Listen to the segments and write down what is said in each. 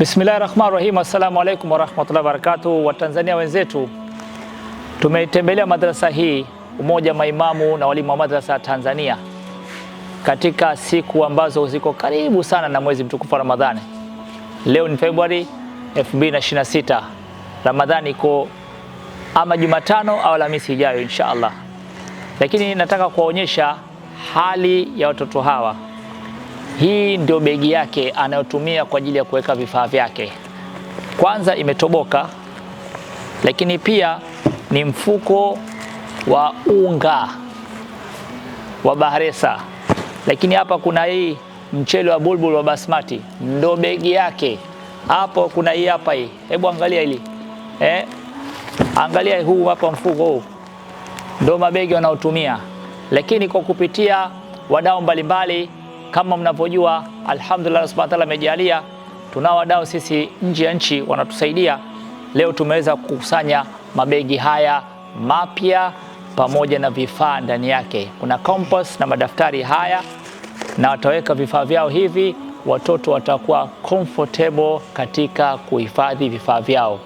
Bismillahi rahmani rahim. Assalamu alaikum warahmatullahi wabarakatuh. Watanzania wenzetu, tumeitembelea madrasa hii Umoja Maimamu na Walimu wa Madrasa ya Tanzania katika siku ambazo ziko karibu sana na mwezi mtukufu wa Ramadhani. Leo ni Februari 2026. Ramadhani iko ama Jumatano au Alhamisi ijayo insha Allah, lakini nataka kuwaonyesha hali ya watoto hawa hii ndio begi yake anayotumia kwa ajili ya kuweka vifaa vyake. Kwanza imetoboka, lakini pia ni mfuko wa unga wa Bahresa, lakini hapa kuna hii mchele wa bulbul wa basmati, ndo begi yake hapo. Kuna hii hapa hii, hebu angalia hili eh, angalia huu hapa mfuko huu, ndo mabegi wanaotumia, lakini kwa kupitia wadau mbalimbali kama mnavyojua, alhamdulillah, Allah subhanahu wa ta'ala amejalia tunao wadau sisi nje ya nchi wanatusaidia. Leo tumeweza kukusanya mabegi haya mapya pamoja na vifaa ndani yake. Kuna compost na madaftari haya, na wataweka vifaa vyao hivi, watoto watakuwa comfortable katika kuhifadhi vifaa vyao.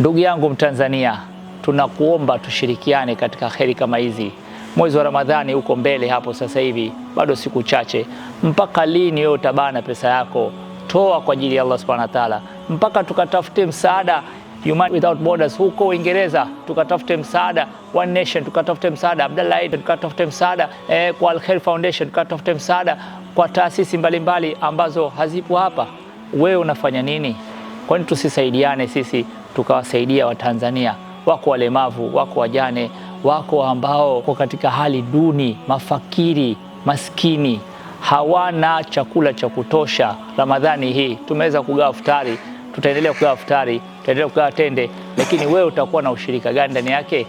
Ndugu yangu Mtanzania, tunakuomba tushirikiane katika kheri kama hizi. Mwezi wa Ramadhani uko mbele hapo sasa hivi bado siku chache. Mpaka lini wewe utabana pesa yako? Toa kwa ajili ya Allah subhanahu wa ta'ala, mpaka tukatafute msaada Human Without Borders huko Uingereza, tukatafute msaada One Nation, tukatafute msaada Abdallah Aid, tukatafute msaada eh, kwa Al Khair Foundation, tukatafute msaada kwa taasisi mbalimbali ambazo hazipo hapa. Wewe unafanya nini? Kwani tusisaidiane sisi tukawasaidia Watanzania? Wako walemavu, wako wajane, wako ambao wako katika hali duni, mafakiri maskini hawana chakula cha kutosha. Ramadhani hii tumeweza kugawa futari, tutaendelea kugawa futari, tutaendelea kugawa tende, lakini wewe utakuwa na ushirika gani ndani yake?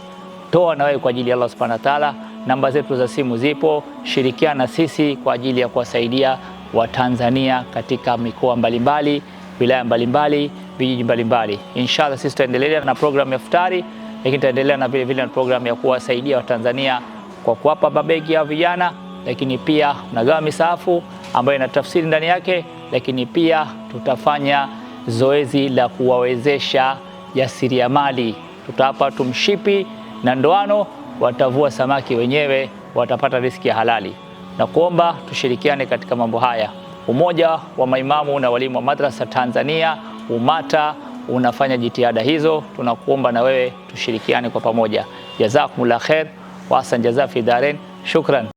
Toa na wewe kwa ajili ya Allah subhanahu wa taala. Namba zetu za simu zipo, shirikiana na sisi kwa ajili ya kuwasaidia Watanzania katika mikoa mbalimbali, wilaya mbalimbali, vijiji mbalimbali. Inshallah sisi tutaendelea na programu ya futari, lakini tutaendelea na vile vile na programu ya kuwasaidia Watanzania kwa kuwapa mabegi ya vijana lakini pia tunagawa misaafu ambayo ina tafsiri ndani yake, lakini pia tutafanya zoezi la kuwawezesha jasiriamali. Tutawapa tu mshipi na ndoano, watavua samaki wenyewe, watapata riski ya halali, na kuomba tushirikiane katika mambo haya. Umoja wa maimamu na walimu wa madrasa Tanzania, UMATA, unafanya jitihada hizo. Tunakuomba na wewe tushirikiane kwa pamoja. Jazakumullah khair wa hasan jaza fi Shukran.